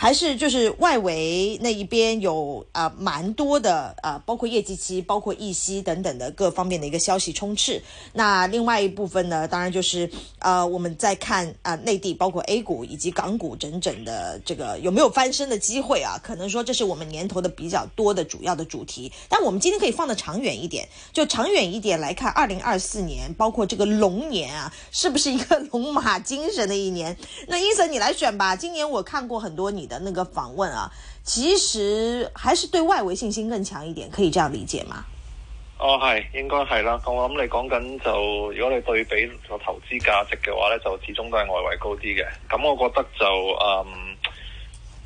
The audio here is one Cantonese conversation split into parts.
還是就是外圍那一邊有啊蠻、呃、多的啊、呃，包括業績期，包括議息等等的各方面的一個消息充斥。那另外一部分呢，當然就是，啊、呃，我們在看啊、呃、內地包括 A 股以及港股整整的這個有沒有翻身的機會啊？可能說這是我們年頭的比較多的主要的主題。但我們今天可以放得長遠一點，就長遠一點來看，二零二四年包括這個龍年啊，是不是一個龍馬精神的一年？那伊森你來選吧，今年我看過很多你。的那個訪問啊，其實還是對外圍信心更強一點，可以這樣理解嗎？哦，係應該係啦。咁我諗你講緊就，如果你對比個投資價值嘅話呢就始終都係外圍高啲嘅。咁我覺得就，嗯，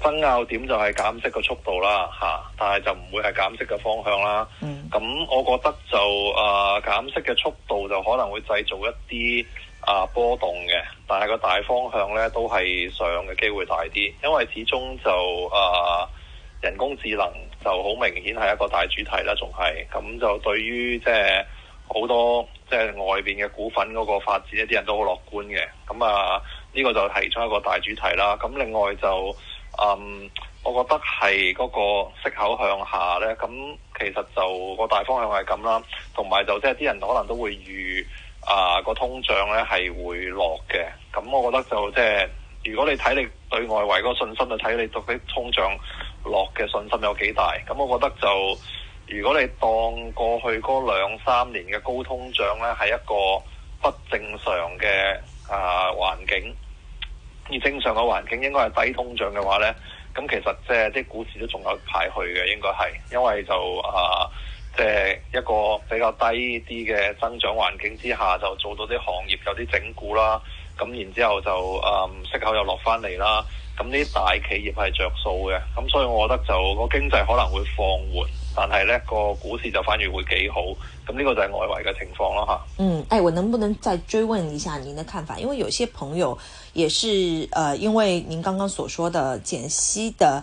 爭拗點就係減息嘅速度啦，吓，但係就唔會係減息嘅方向啦。咁、嗯、我覺得就，誒、呃，減息嘅速度就可能會製造一啲。啊，波動嘅，但係個大方向呢都係上嘅機會大啲，因為始終就啊、呃、人工智能就好明顯係一個大主題啦，仲係咁就對於即係好多即係、就係、外邊嘅股份嗰個發展，一啲人都好樂觀嘅。咁、嗯、啊呢、這個就提出一個大主題啦。咁、嗯、另外就嗯，我覺得係嗰個息口向下呢，咁、嗯、其實就個大方向係咁啦，同埋就即係啲人可能都會預。啊，個通脹咧係會落嘅，咁、嗯、我覺得就即係如果你睇你對外圍嗰個信心，就睇你對啲通脹落嘅信心有幾大。咁、嗯、我覺得就如果你當過去嗰兩三年嘅高通脹咧係一個不正常嘅啊環境，而正常嘅環境應該係低通脹嘅話咧，咁、嗯、其實即係啲股市都仲有排去嘅，應該係，因為就啊。即係一個比較低啲嘅增長環境之下，就做到啲行業有啲整固啦。咁然之後就誒、嗯、息口又落翻嚟啦。咁呢啲大企業係着數嘅。咁所以我覺得就個經濟可能會放緩，但係呢個股市就反而會幾好。咁呢個就係外圍嘅情況咯吓，嗯，誒、哎，我能不能再追問一下您的看法？因為有些朋友也是誒、呃，因為您剛剛所說的減息的。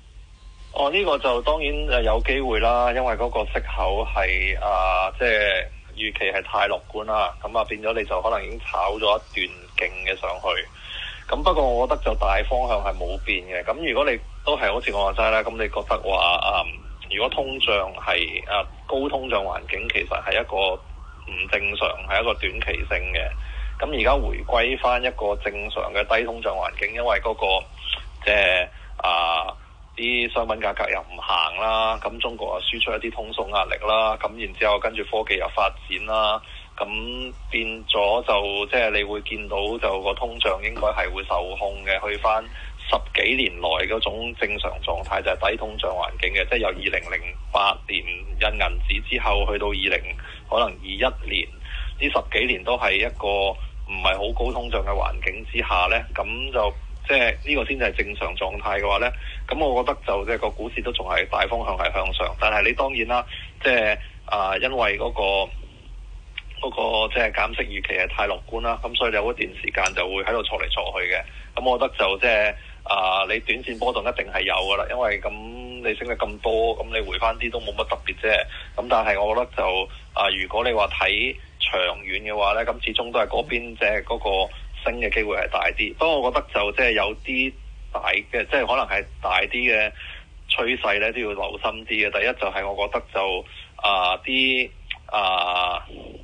哦，呢、這個就當然誒有機會啦，因為嗰個息口係啊、呃，即係預期係太樂觀啦，咁、嗯、啊變咗你就可能已經炒咗一段勁嘅上去。咁、嗯、不過我覺得就大方向係冇變嘅。咁、嗯、如果你都係好似我話齋啦，咁、嗯、你覺得話啊、呃，如果通脹係啊高通脹環境，其實係一個唔正常，係一個短期性嘅。咁而家回歸返一個正常嘅低通脹環境，因為嗰、那個即係啊。呃啲商品價格又唔行啦，咁中國又輸出一啲通縮壓力啦，咁然之後跟住科技又發展啦，咁變咗就即係、就是、你會見到就個通脹應該係會受控嘅，去翻十幾年來嗰種正常狀態就係、是、低通脹環境嘅，即、就、係、是、由二零零八年印銀紙之後去到二零可能二一年呢十幾年都係一個唔係好高通脹嘅環境之下呢，咁就。即係呢個先至係正常狀態嘅話呢，咁我覺得就即係個股市都仲係大方向係向上，但係你當然啦，即係啊，因為嗰、嗰個即係減息預期係太樂觀啦，咁所以有一段時間就會喺度坐嚟坐去嘅。咁我覺得就即係啊，你短線波動一定係有噶啦，因為咁你升得咁多，咁你回翻啲都冇乜特別啫。咁但係我覺得就啊、呃，如果你話睇長遠嘅話呢，咁始終都係嗰邊即係嗰個。嗯升嘅機會係大啲，不過我覺得就即係有啲大嘅，即係可能係大啲嘅趨勢咧，都要留心啲嘅。第一就係我覺得就啊啲啊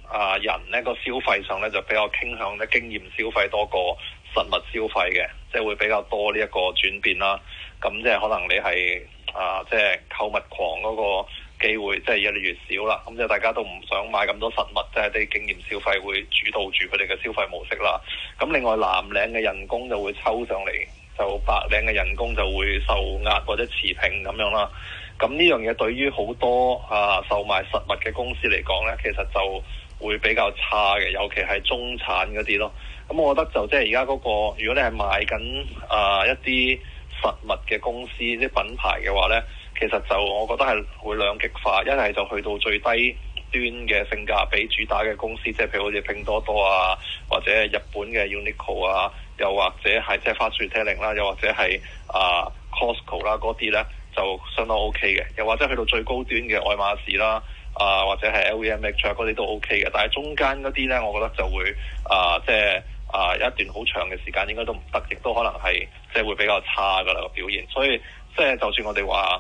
啊人咧個消費上咧就比較傾向咧經驗消費多過實物消費嘅，即係會比較多呢一個轉變啦。咁即係可能你係啊即係購物狂嗰個。機會即係越嚟越少啦，咁就大家都唔想買咁多實物，即係啲經驗消費會主導住佢哋嘅消費模式啦。咁另外，藍領嘅人工就會抽上嚟，就白領嘅人工就會受壓或者持平咁樣啦。咁呢樣嘢對於好多嚇、啊、售賣實物嘅公司嚟講呢，其實就會比較差嘅，尤其係中產嗰啲咯。咁我覺得就即係而家嗰個，如果你係買緊啊一啲實物嘅公司啲品牌嘅話呢。其實就我覺得係會兩極化，一係就去到最低端嘅性價比主打嘅公司，即係譬如好似拼多多啊，或者日本嘅 Uniqlo 啊，又或者係即係 Fast Retailing 啦，又或者係啊 Costco 啦嗰啲咧，就相當 OK 嘅。又或者去到最高端嘅愛馬仕啦，啊或者係 LVMH 嗰啲都 OK 嘅。但係中間嗰啲咧，我覺得就會啊即係啊一段好長嘅時間應該都唔得，亦都可能係即係會比較差噶啦個表現。所以即係就算我哋話，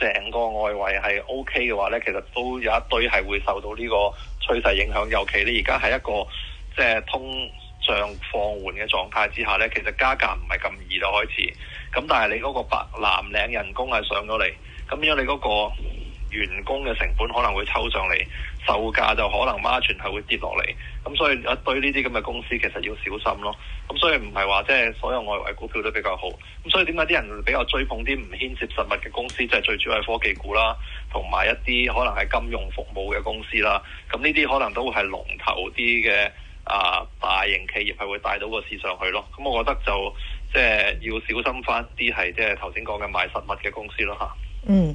成個外圍係 OK 嘅話呢，其實都有一堆係會受到呢個趨勢影響，尤其你而家係一個即係通脹放緩嘅狀態之下呢，其實加價唔係咁易就開始。咁但係你嗰個白藍領人工係上咗嚟，咁樣你嗰、那個。員工嘅成本可能會抽上嚟，售價就可能 margin 係會跌落嚟，咁所以對呢啲咁嘅公司其實要小心咯。咁所以唔係話即係所有外圍股票都比較好。咁所以點解啲人比較追捧啲唔牽涉實物嘅公司，即係最主要係科技股啦，同埋一啲可能係金融服務嘅公司啦。咁呢啲可能都會係龍頭啲嘅啊，大型企業係會帶到個市上去咯。咁我覺得就即係要小心翻啲係即係頭先講嘅買實物嘅公司咯嚇。嗯。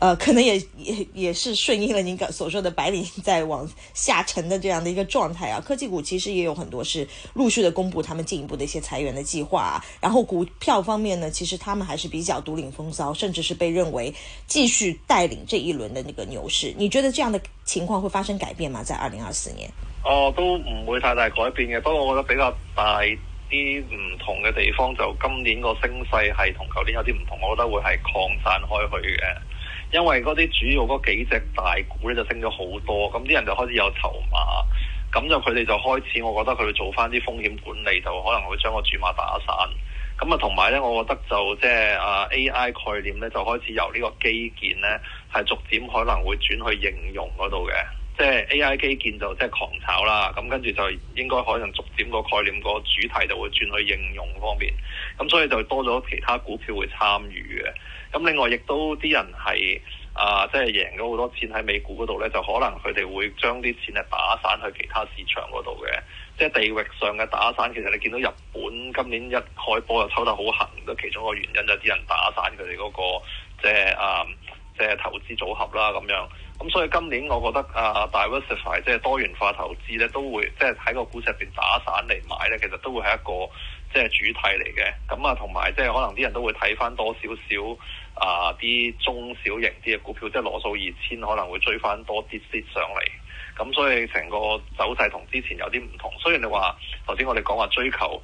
呃，可能也也也是順應了您所所說的白領在往下沉的這樣的一個狀態啊。科技股其實也有很多是陸續的公佈他們進一步的一些裁員的計劃，啊。然後股票方面呢，其實他們還是比較獨領風騷，甚至是被認為繼續帶領這一輪的那個牛市。你覺得這樣的情況會發生改變嗎？在二零二四年？哦、呃，都唔會太大改變嘅。不過我覺得比較大啲唔同嘅地方就今年個升勢係同舊年有啲唔同，我覺得會係擴散開去嘅。因為嗰啲主要嗰幾隻大股咧就升咗好多，咁啲人就開始有籌碼，咁就佢哋就開始，我覺得佢做翻啲風險管理就可能會將個注碼打散。咁啊，同埋咧，我覺得就即係啊 AI 概念咧就開始由呢個基建咧係逐漸可能會轉去應用嗰度嘅，即係 AI 基建就即係狂炒啦，咁跟住就應該可能逐漸個概念個主題就會轉去應用方面，咁所以就多咗其他股票會參與嘅。咁另外亦都啲人係啊、呃，即係贏咗好多錢喺美股嗰度呢，就可能佢哋會將啲錢咧打散去其他市場嗰度嘅，即係地域上嘅打散。其實你見到日本今年一開波就抽得好行，都其中一個原因就係啲人打散佢哋嗰個即係啊，即係、嗯、投資組合啦咁樣。咁、嗯、所以今年我覺得啊，diversify 即係多元化投資呢，都會即係喺個股市入邊打散嚟買呢，其實都會係一個。即係主體嚟嘅，咁啊同埋即係可能啲人都會睇翻多少少啊啲中小型啲嘅股票，即係羅素二千可能會追翻多啲啲上嚟，咁所以成個走勢同之前有啲唔同。雖然你話頭先我哋講話追求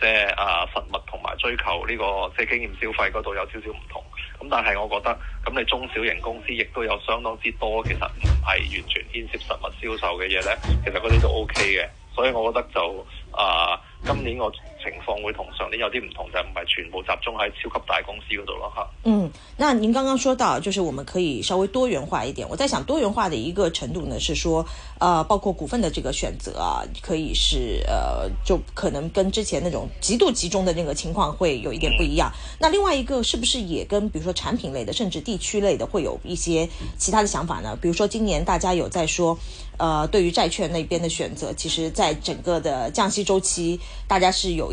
即係啊實物同埋追求呢、這個即係經驗消費嗰度有少少唔同，咁但係我覺得咁你中小型公司亦都有相當之多，其實唔係完全牽涉實物銷售嘅嘢呢。其實嗰啲都 O K 嘅。所以我覺得就啊、呃、今年我。情況會同上年有啲唔同，就唔係全部集中喺超級大公司嗰度咯，哈嗯，那您剛剛說到，就是我們可以稍微多元化一點。我在想多元化的一個程度呢，是說，呃，包括股份的這個選擇啊，可以是，呃，就可能跟之前那種極度集中的那個情況會有一點不一樣。嗯、那另外一個，是不是也跟，比如說產品類的，甚至地區類的，會有一些其他的想法呢？比如說今年大家有在說，呃，對於債券那邊的選擇，其實在整個的降息周期，大家是有，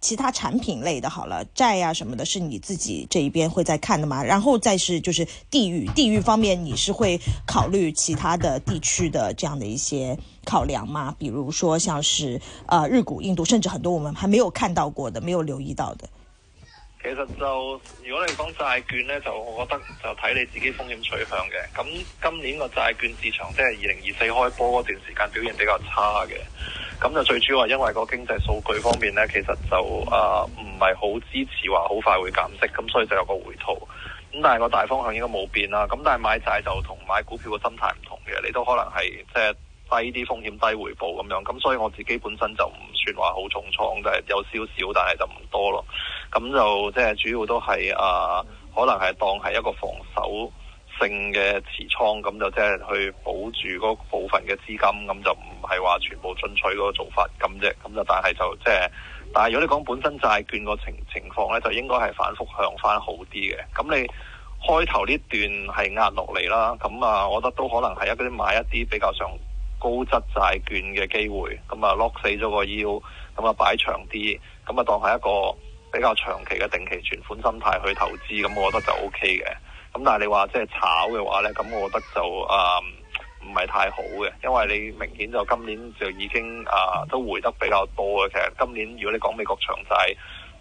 其他產品類的，好了，債呀、啊、什麼的，是你自己這一邊會再看的嘛。然後再是就是地域，地域方面你是會考慮其他的地區的這樣的一些考量嗎？比如說像是呃日股、印度，甚至很多我們還沒有看到過的、沒有留意到的。其實就如果你講債券呢，就我覺得就睇你自己風險取向嘅。咁今年個債券市場即係二零二四開波嗰段時間表現比較差嘅。咁就最主要係因為個經濟數據方面呢，其實就啊唔係好支持話好快會減息，咁所以就有個回吐。咁但係個大方向應該冇變啦。咁但係買債就同買股票嘅心態唔同嘅，你都可能係即係低啲風險、低回報咁樣。咁所以我自己本身就唔算話好重倉，但係有少少，但係就唔多咯。咁就即係、就是、主要都係啊、呃，可能係當係一個防守。性嘅持倉，咁就即係去保住嗰部分嘅資金，咁就唔係話全部進取嗰個做法咁啫。咁就但係就即係，但係如果你講本身債券個情情況咧，就應該係反覆向翻好啲嘅。咁你開頭呢段係壓落嚟啦，咁啊，我覺得都可能係一啲買一啲比較上高質債券嘅機會，咁啊 lock 死咗個腰，咁啊擺長啲，咁啊當係一個比較長期嘅定期存款心態去投資，咁我覺得就 OK 嘅。咁但係你話即係炒嘅話呢，咁我覺得就啊唔係太好嘅，因為你明顯就今年就已經啊、呃、都回得比較多嘅。其實今年如果你講美國長債，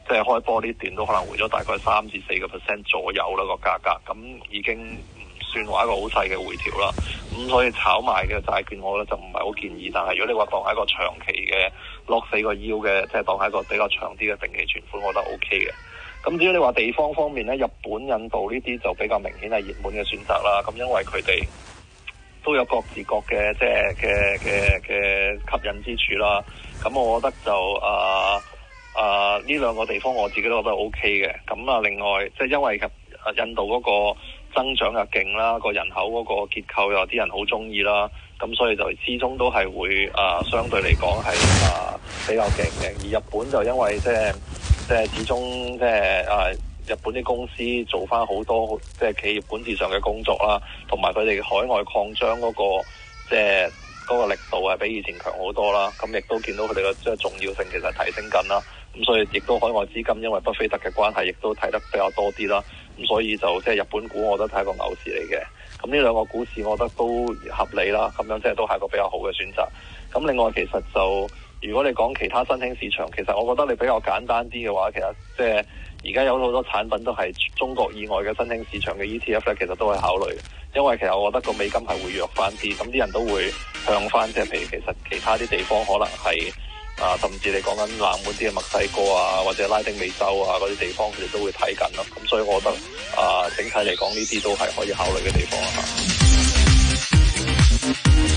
即、就、係、是、開波呢段都可能回咗大概三至四個 percent 左右啦，那個價格，咁已經唔算話一個好細嘅回調啦。咁所以炒埋嘅債券我覺得就唔係好建議，但係如果你話當係一個長期嘅落死個腰嘅，即、就、係、是、當係一個比較長啲嘅定期存款，我覺得 O K 嘅。咁至於你話地方方面咧，日本、印度呢啲就比較明顯係熱門嘅選擇啦。咁因為佢哋都有各自各嘅即係嘅嘅嘅吸引之處啦。咁我覺得就啊啊呢兩個地方我自己都覺得 O K 嘅。咁啊，另外即係因為印度嗰個增長又勁啦，個人口嗰個結構又啲人好中意啦，咁所以就始終都係會啊相對嚟講係啊比較勁嘅。而日本就因為即係。即係始終，即係啊，日本啲公司做翻好多，即係企業管治上嘅工作啦，同埋佢哋海外擴張嗰個，即係嗰個力度係比以前強好多啦。咁亦都見到佢哋嘅即係重要性其實提升緊啦。咁所以亦都海外資金因為巴菲特嘅關係，亦都睇得比較多啲啦。咁所以就即係日本股，我都睇係牛市嚟嘅。咁呢兩個股市，我覺得都合理啦。咁樣即係都係一個比較好嘅選擇。咁另外其實就。如果你講其他新興市場，其實我覺得你比較簡單啲嘅話，其實即係而家有好多產品都係中國以外嘅新興市場嘅 ETF 咧，其實都係考慮。因為其實我覺得個美金係會弱翻啲，咁啲人都會向翻即係譬如其實其他啲地方可能係啊，甚至你講緊冷門啲嘅墨西哥啊，或者拉丁美洲啊嗰啲地方，佢哋都會睇緊啦。咁所以我覺得啊，整體嚟講呢啲都係可以考慮嘅地方啦。啊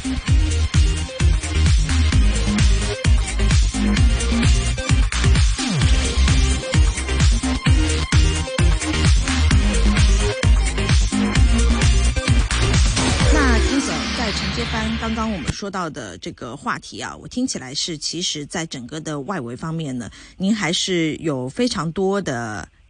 接翻，剛剛我們說到的這個話題啊，我聽起來是，其實，在整個的外圍方面呢，您還是有非常多的，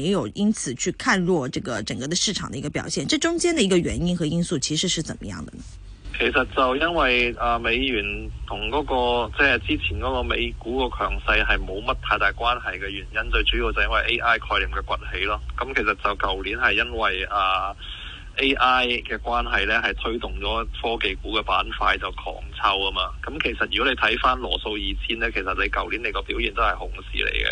也有因此去看弱這個整個的市場的一個表現，這中間的一個原因和因素其實是怎麼樣的呢？其實就因為啊美元同嗰、那個即係、就是、之前嗰個美股個強勢係冇乜太大關係嘅原因，最主要就因為 AI 概念嘅崛起咯。咁、嗯、其實就舊年係因為啊 AI 嘅關係咧，係推動咗科技股嘅板塊就狂抽啊嘛。咁、嗯、其實如果你睇翻羅素二千咧，其實你舊年你個表現都係熊市嚟嘅。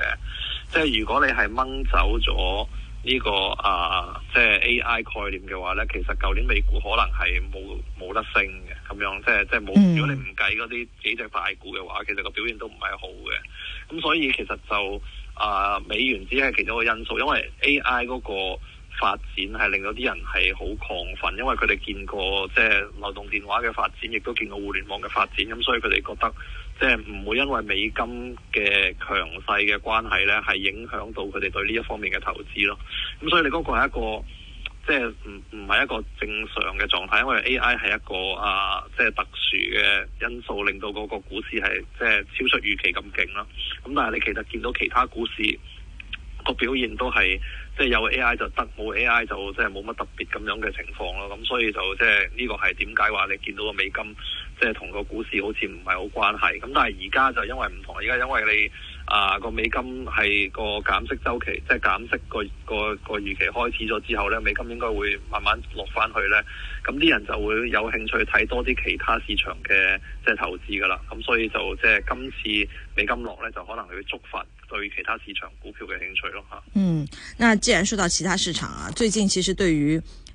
即係如果你係掹走咗呢個啊，即係 A I 概念嘅話咧，其實舊年美股可能係冇冇得升嘅，咁樣即係即係冇。如果你唔計嗰啲幾隻大股嘅話，其實個表現都唔係好嘅。咁所以其實就啊，美元只係其中一個因素，因為 A I 嗰個發展係令到啲人係好亢奮，因為佢哋見過即係流動電話嘅發展，亦都見過互聯網嘅發展，咁、嗯、所以佢哋覺得即係唔會因為美金嘅強勢嘅關係呢，係影響到佢哋對呢一方面嘅投資咯。咁、嗯、所以你嗰個係一個即係唔唔係一個正常嘅狀態，因為 A.I 係一個啊，即係特殊嘅因素令到嗰個股市係即係超出預期咁勁啦。咁、嗯、但係你其實見到其他股市個表現都係。即係有 AI 就得，冇 AI 就即係冇乜特別咁樣嘅情況囉。咁所以就即係呢個係點解話你見到個美金，即係同個股市好似唔係好關係。咁但係而家就因為唔同，而家因為你。啊，個美金係個減息週期，即係減息個個個預期開始咗之後咧，美金應該會慢慢落翻去咧。咁、嗯、啲人就會有興趣睇多啲其他市場嘅即係投資㗎啦。咁、嗯、所以就即係今次美金落咧，就可能會觸發對其他市場股票嘅興趣咯嚇。嗯，那既然説到其他市場啊，最近其實對於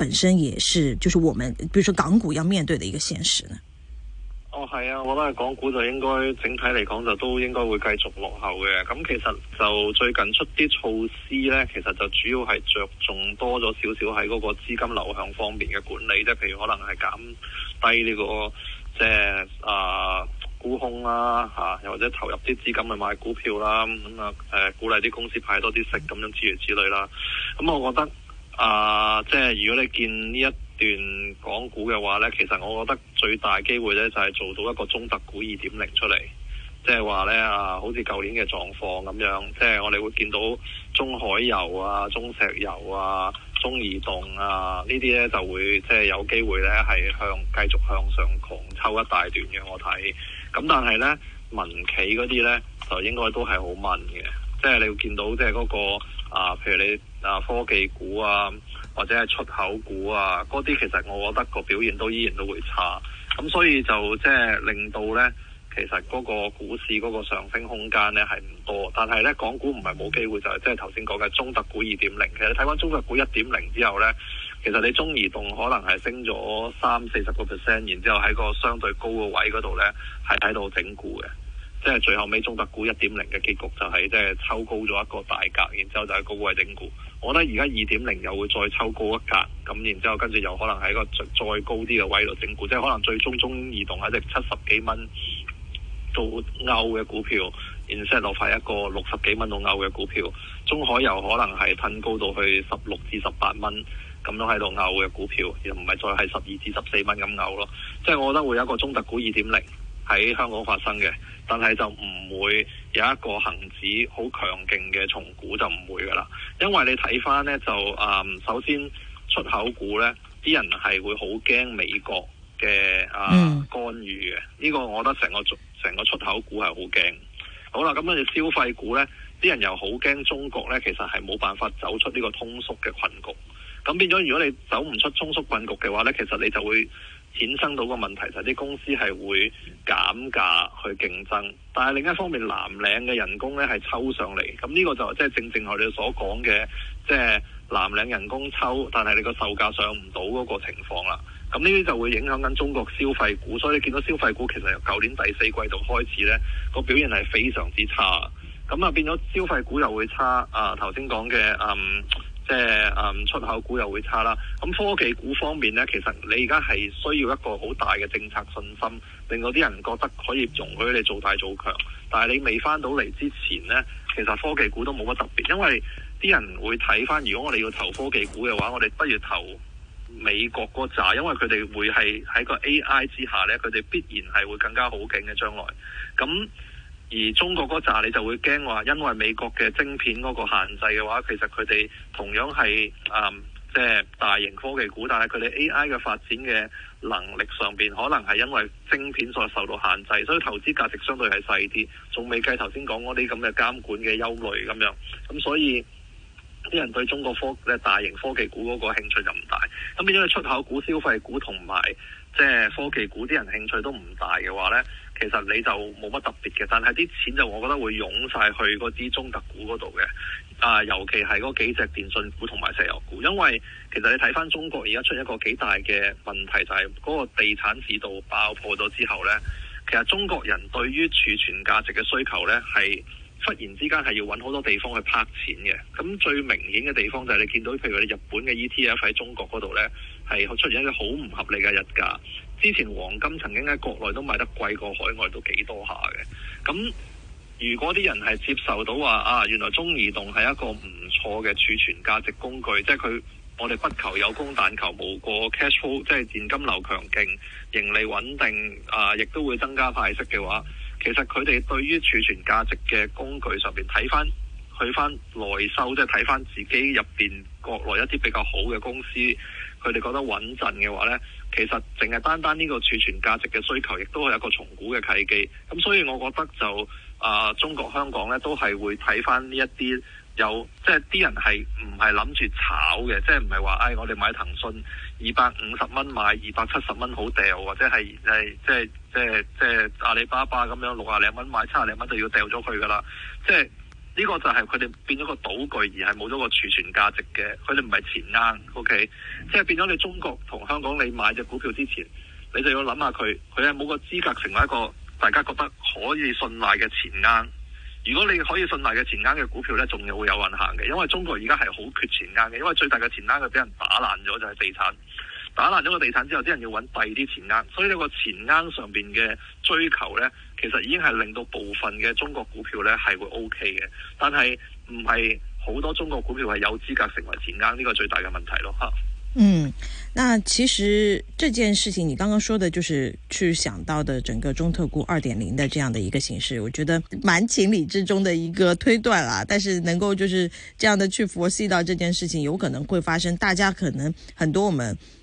本身也是，就是我們，比如說港股要面對的一個現實呢。哦，係啊，我覺得港股就應該整體嚟講就都應該會繼續落後嘅。咁、嗯、其實就最近出啲措施咧，其實就主要係着重多咗少少喺嗰個資金流向方面嘅管理，即係譬如可能係減低呢、那個即係啊沽空啦、吓、啊、又或者投入啲資金去買股票啦咁啊，誒、嗯呃、鼓勵啲公司派多啲息咁樣，之類之類啦。咁、嗯、我覺得。啊、呃，即係如果你見呢一段港股嘅話咧，其實我覺得最大機會咧就係、是、做到一個中特股二點零出嚟，即係話咧啊，好似舊年嘅狀況咁樣，即係我哋會見到中海油啊、中石油啊、中移動啊呢啲咧就會即係有機會咧係向繼續向上狂抽一大段嘅我睇，咁但係咧民企嗰啲咧就應該都係好悶嘅，即係你會見到即係嗰、那個啊、呃，譬如你。啊科技股啊，或者係出口股啊，嗰啲其實我覺得個表現都依然都會差，咁所以就即係令到呢，其實嗰個股市嗰個上升空間呢係唔多，但係呢，港股唔係冇機會，就係即係頭先講嘅中特股二點零，其實你睇翻中特股一點零之後呢，其實你中移動可能係升咗三四十個 percent，然之後喺個相對高嘅位嗰度呢係睇到整固嘅，即係最後尾中特股一點零嘅結局就係即係抽高咗一個大格，然之後就喺高位整固。我覺得而家二點零又會再抽高一格，咁然之後跟住又可能喺個再高啲嘅位度整股，即係可能最終中移動係隻七十幾蚊到歐嘅股票，然後落翻一個六十幾蚊到歐嘅股票，中海油可能係噴高到去十六至十八蚊咁樣喺度歐嘅股票，而唔係再係十二至十四蚊咁歐咯。即係我覺得會有一個中特股二點零。喺香港發生嘅，但係就唔會有一個恆指好強勁嘅重估，就唔會噶啦，因為你睇翻呢，就啊、嗯，首先出口股呢啲人係會好驚美國嘅啊干預嘅，呢個我覺得成個成個出口股係好驚。好啦，咁跟住消費股呢啲人又好驚中國呢，其實係冇辦法走出呢個通縮嘅困局。咁變咗，如果你走唔出通縮困局嘅話呢，其實你就會。衍生到個問題就係啲公司係會減價去競爭，但係另一方面藍領嘅人工咧係抽上嚟，咁呢個就即係正正我哋所講嘅，即係藍領人工抽，但係你個售價上唔到嗰個情況啦。咁呢啲就會影響緊中國消費股，所以你見到消費股其實由舊年第四季度開始咧，個表現係非常之差。咁啊變咗消費股又會差，啊頭先講嘅嗯。即係誒出口股又會差啦，咁科技股方面呢，其實你而家係需要一個好大嘅政策信心，令到啲人覺得可以容許你做大做強。但係你未翻到嚟之前呢，其實科技股都冇乜特別，因為啲人會睇翻，如果我哋要投科技股嘅話，我哋不如投美國嗰紮，因為佢哋會係喺個 AI 之下呢，佢哋必然係會更加好勁嘅將來。咁。而中國嗰紮你就會驚話，因為美國嘅晶片嗰個限制嘅話，其實佢哋同樣係即係大型科技股，但係佢哋 AI 嘅發展嘅能力上邊，可能係因為晶片所受到限制，所以投資價值相對係細啲，仲未計頭先講嗰啲咁嘅監管嘅憂慮咁樣。咁所以啲人對中國科大型科技股嗰個興趣就唔大。咁變咗出口股、消費股同埋即係科技股啲人興趣都唔大嘅話呢。其實你就冇乜特別嘅，但係啲錢就我覺得會湧晒去嗰支中特股嗰度嘅，啊，尤其係嗰幾隻電信股同埋石油股，因為其實你睇翻中國而家出現一個幾大嘅問題，就係、是、嗰個地產市道爆破咗之後呢。其實中國人對於儲存價值嘅需求呢，係忽然之間係要揾好多地方去拍錢嘅。咁最明顯嘅地方就係你見到譬如你日本嘅 ETF 喺中國嗰度呢，係出現一個好唔合理嘅日價。之前黃金曾經喺國內都賣得貴過海外都幾多下嘅，咁如果啲人係接受到話啊，原來中移動係一個唔錯嘅儲存價值工具，即係佢我哋不求有功，但求無過 cash flow，即係現金流強勁、盈利穩定啊，亦都會增加派息嘅話，其實佢哋對於儲存價值嘅工具上面睇翻。去翻內收，即係睇翻自己入邊國內一啲比較好嘅公司，佢哋覺得穩陣嘅話呢，其實淨係單單呢個儲存價值嘅需求，亦都係一個重估嘅契機。咁所以我覺得就啊、呃，中國香港呢，都係會睇翻呢一啲有，即係啲人係唔係諗住炒嘅，即係唔係話唉，我哋買騰訊二百五十蚊買二百七十蚊好掉，或者係係即係即係即係阿里巴巴咁樣六十零蚊買七十零蚊就要掉咗佢㗎喇，即係。呢個就係佢哋變咗個賭具，而係冇咗個儲存價值嘅。佢哋唔係錢罌，OK，即係變咗你中國同香港，你買隻股票之前，你就要諗下佢，佢係冇個資格成為一個大家覺得可以信賴嘅錢罌。如果你可以信賴嘅錢罌嘅股票呢，仲會有運行嘅。因為中國而家係好缺錢罌嘅，因為最大嘅錢罌佢俾人打爛咗，就係地產。打爛咗個地產之後，啲人要揾第二啲錢罌，所以呢個錢罌上邊嘅追求呢，其實已經係令到部分嘅中國股票呢係會 OK 嘅，但係唔係好多中國股票係有資格成為錢罌呢個最大嘅問題咯。嗯，那其實這件事情你剛剛說的，就是去想到的整個中特估二點零的這樣的一個形式，我覺得蠻情理之中的一個推斷啦。但是能夠就是這樣的去 foresee 到這件事情有可能會發生，大家可能很多我們。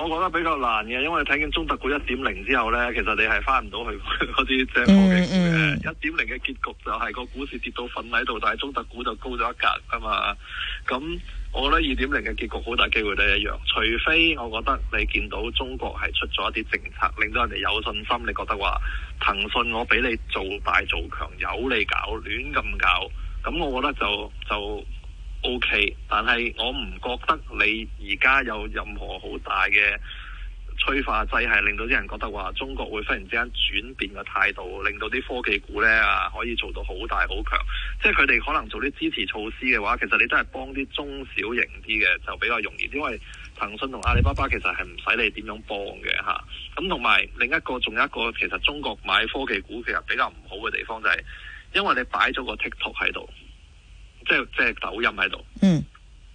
我覺得比較難嘅，因為睇見中特股一點零之後呢，其實你係翻唔到去嗰啲即係科技嘅一點零嘅結局，就係個股市跌到瞓喺度，但係中特股就高咗一格啊嘛。咁我覺得二點零嘅結局好大機會都係一樣，除非我覺得你見到中國係出咗一啲政策，令到人哋有信心，你覺得話騰訊我俾你做大做強，有你搞亂咁搞，咁我覺得就就。OK，但係我唔覺得你而家有任何好大嘅催化劑，係令到啲人覺得話中國會忽然之間轉變個態度，令到啲科技股呢啊可以做到好大好強。即係佢哋可能做啲支持措施嘅話，其實你都係幫啲中小型啲嘅就比較容易，因為騰訊同阿里巴巴其實係唔使你點樣幫嘅嚇。咁同埋另一個仲有一個，其實中國買科技股其實比較唔好嘅地方就係，因為你擺咗個 TikTok 喺度。即係即係抖音喺度，嗯，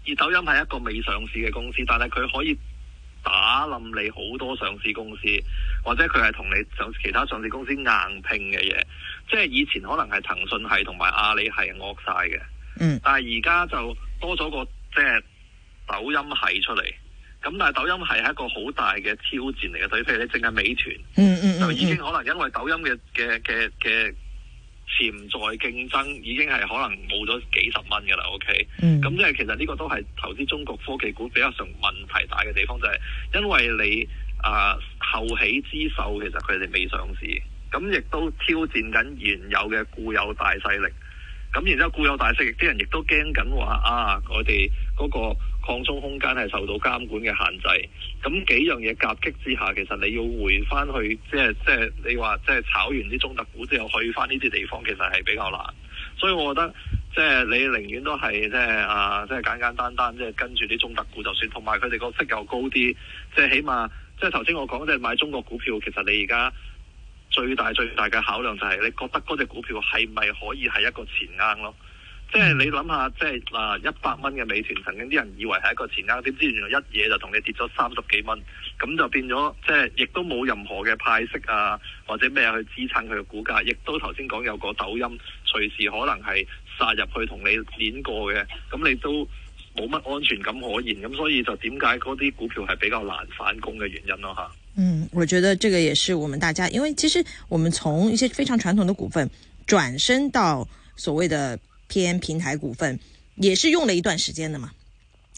而抖音係一個未上市嘅公司，但係佢可以打冧你好多上市公司，或者佢係同你上其他上市公司硬拼嘅嘢。即係以前可能係騰訊係同埋阿里係惡晒嘅，嗯，但係而家就多咗個即係抖音係出嚟，咁但係抖音係係一個好大嘅挑戰嚟嘅，對，譬如你淨係美團，嗯嗯嗯，就已經可能因為抖音嘅嘅嘅嘅。潛在競爭已經係可能冇咗幾十蚊嘅啦，OK？咁即係其實呢個都係投資中國科技股比較成問題大嘅地方，就係、是、因為你啊、呃、後起之秀其實佢哋未上市，咁亦都挑戰緊原有嘅固有大勢力，咁然之後固有大勢力啲人亦都驚緊話啊，我哋嗰、那個。擴充空間係受到監管嘅限制，咁幾樣嘢夾擊之下，其實你要回翻去，即係即係你話即係炒完啲中特股之後，去翻呢啲地方，其實係比較難。所以，我覺得即係、就是、你寧願都係即係啊，即、就、係、是、簡簡單單，即、就、係、是、跟住啲中特股就，就算同埋佢哋個息又高啲，即係起碼即係頭先我講，即、就、係、是、買中國股票，其實你而家最大最大嘅考量就係、是，你覺得嗰隻股票係咪可以係一個錢罌咯？即係你諗下，即係嗱，一百蚊嘅美團，曾經啲人以為係一個錢額，點知原來一嘢就同你跌咗三十幾蚊，咁就變咗，即係亦都冇任何嘅派息啊，或者咩去支撐佢嘅股價，亦都頭先講有個抖音隨時可能係殺入去同你碾過嘅，咁你都冇乜安全感可言，咁所以就點解嗰啲股票係比較難返工嘅原因咯。吓，嗯，我覺得這個也是我們大家，因為其實我們從一些非常傳統的股份轉身到所謂的。偏平台股份，也是用了一段時間的嘛。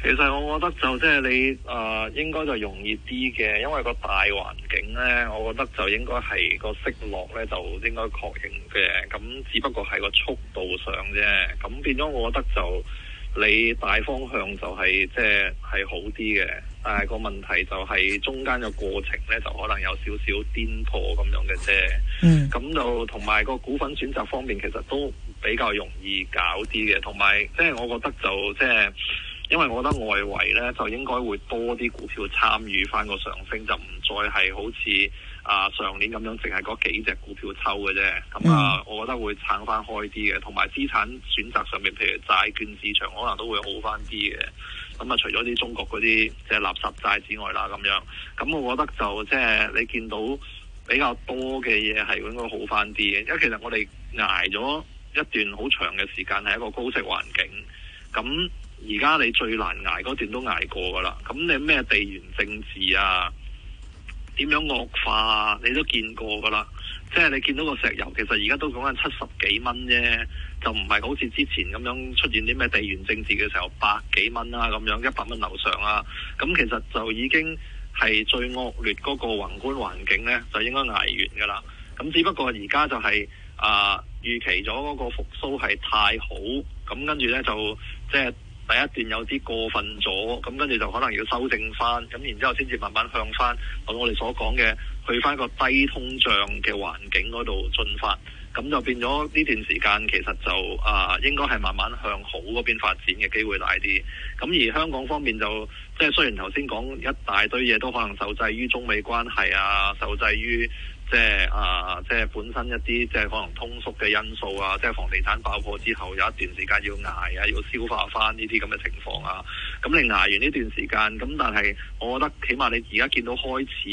其實我覺得就即係你誒、呃，應該就容易啲嘅，因為個大環境呢，我覺得就應該係個息落呢，就應該確認嘅，咁只不過係個速度上啫。咁變咗我覺得就你大方向就係即係係好啲嘅，但係個問題就係中間嘅過程呢，就可能有少少顛簸咁樣嘅啫。嗯，咁就同埋個股份選擇方面，其實都比較容易搞啲嘅，同埋即係我覺得就即係。就是因為我覺得外圍呢，就應該會多啲股票參與翻個上升，就唔再係好似啊、呃、上年咁樣，淨係嗰幾隻股票抽嘅啫。咁、嗯、啊、呃，我覺得會撐翻開啲嘅，同埋資產選擇上面，譬如債券市場可能都會好翻啲嘅。咁、嗯、啊，除咗啲中國嗰啲即係垃圾債之外啦，咁樣咁、嗯，我覺得就即係你見到比較多嘅嘢係應該好翻啲嘅，因為其實我哋捱咗一段好長嘅時間係一個高息環境，咁、嗯。而家你最難挨嗰段都挨過噶啦，咁你咩地緣政治啊，點樣惡化啊，你都見過噶啦。即係你見到個石油，其實而家都講緊七十幾蚊啫，就唔係好似之前咁樣出現啲咩地緣政治嘅時候百幾蚊啦，咁樣一百蚊樓上啊。咁其實就已經係最惡劣嗰個宏觀環境呢，就應該挨完噶啦。咁只不過而家就係，呃，啊，預期咗嗰個復蘇係太好，咁跟住呢，就即係。第一段有啲過分咗，咁跟住就可能要修正翻，咁然之後先至慢慢向翻，我哋所講嘅去翻個低通脹嘅環境嗰度進發，咁就變咗呢段時間其實就啊、呃、應該係慢慢向好嗰邊發展嘅機會大啲。咁而香港方面就即係雖然頭先講一大堆嘢都可能受制於中美關係啊，受制於。即係啊，即係本身一啲即係可能通縮嘅因素啊，即係房地產爆破之後有一段時間要捱啊，要消化返呢啲咁嘅情況啊。咁你捱完呢段時間，咁但係我覺得起碼你而家見到開始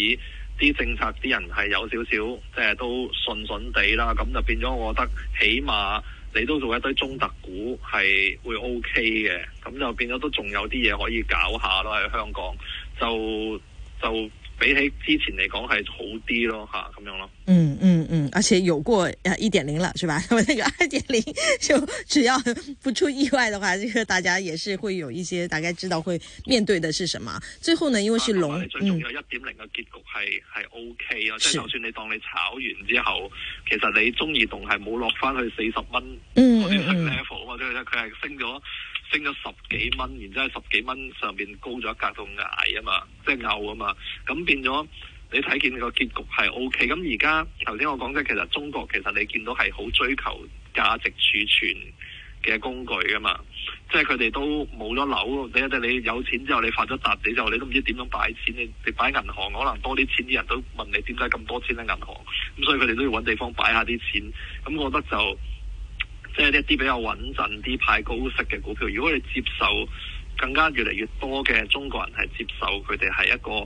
啲政策啲人係有少少即係都順順地啦。咁就變咗，我覺得起碼你都做一堆中特股係會 OK 嘅。咁就變咗都仲有啲嘢可以搞下咯，喺香港就就。就比起之前嚟講係好啲咯吓，咁、啊、樣咯。嗯嗯嗯，而且有過一點零啦，是吧？因 為呢個二點零就只要不出意外嘅話，這個大家也是會有一些大家知道會面對的是什麼。最後呢，因為是龍，啊、最重要一點零嘅結局係係 O K 啊，即係就算你當你炒完之後，其實你中移動係冇落翻去四十蚊嗰啲 level 或者佢係升咗。升咗十幾蚊，然之後十幾蚊上面高咗一格到崖啊嘛，即係拗啊嘛，咁變咗你睇見個結局係 OK。咁而家頭先我講即係其實中國其實你見到係好追求價值儲存嘅工具噶嘛，即係佢哋都冇咗樓，即係你有錢之後你發咗達，你就你都唔知點樣擺錢，你擺銀行可能多啲錢，啲人都問你點解咁多錢喺銀行，咁所以佢哋都要揾地方擺下啲錢，咁我覺得就。即係一啲比較穩陣啲派高息嘅股票，如果你接受更加越嚟越多嘅中國人係接受佢哋係一個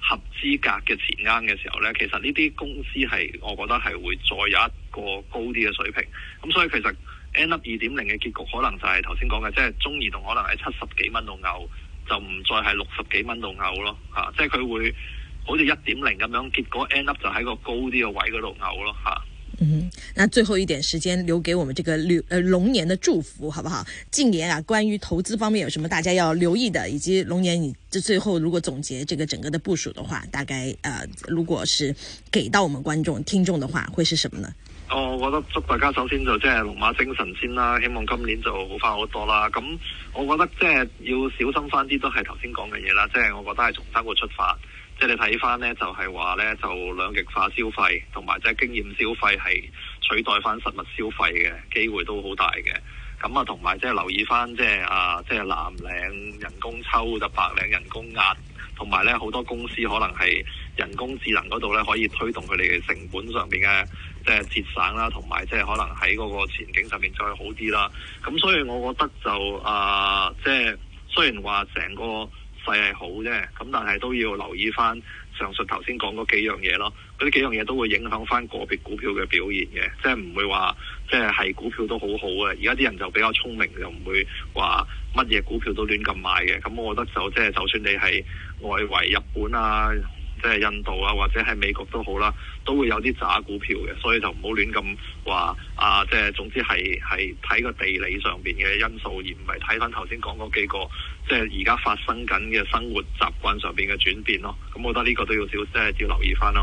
合資格嘅前啱嘅時候呢，其實呢啲公司係我覺得係會再有一個高啲嘅水平。咁、嗯、所以其實 N up 二點零嘅結局可能就係頭先講嘅，即係中移動可能喺七十幾蚊度牛，就唔再係六十幾蚊度牛咯。嚇、啊，即係佢會好似一點零咁樣，結果 N up 就喺個高啲嘅位嗰度牛咯。嚇、啊。嗯，那最後一點時間留給我們這個龍，呃，龍年的祝福，好不好？近年啊，關於投資方面有什麼大家要留意的，以及龍年你這最後如果總結這個整個的部署的話，大概，呃，如果是給到我們觀眾聽眾的話，會是什麼呢？哦，我覺得祝大家首先就即係龍馬精神先啦，希望今年就好翻好多啦。咁我覺得即係要小心翻啲都係頭先講嘅嘢啦，即係我覺得係從三個出發。即係你睇翻呢，就係話呢，就兩極化消費，同埋即係經驗消費係取代翻實物消費嘅機會都好大嘅。咁啊，同埋即係留意翻即係啊，即係藍領人工抽就白領人工壓，同埋呢好多公司可能係人工智能嗰度呢，可以推動佢哋嘅成本上面嘅即係節省啦，同埋即係可能喺嗰個前景上面再好啲啦。咁所以我覺得就啊，即係雖然話成個。係好啫，咁但係都要留意翻上述頭先講嗰幾樣嘢咯。嗰啲幾樣嘢都會影響翻個別股票嘅表現嘅，即係唔會話即係係股票都好好嘅。而家啲人就比較聰明，就唔會話乜嘢股票都亂咁買嘅。咁我覺得就即係就算你係外圍日本啊。即係印度啊，或者喺美國都好啦，都會有啲渣股票嘅，所以就唔好亂咁話啊！即係總之係係睇個地理上邊嘅因素，而唔係睇翻頭先講嗰幾個即係而家發生緊嘅生活習慣上邊嘅轉變咯。咁、嗯、我覺得呢個都要少即係要留意翻啦。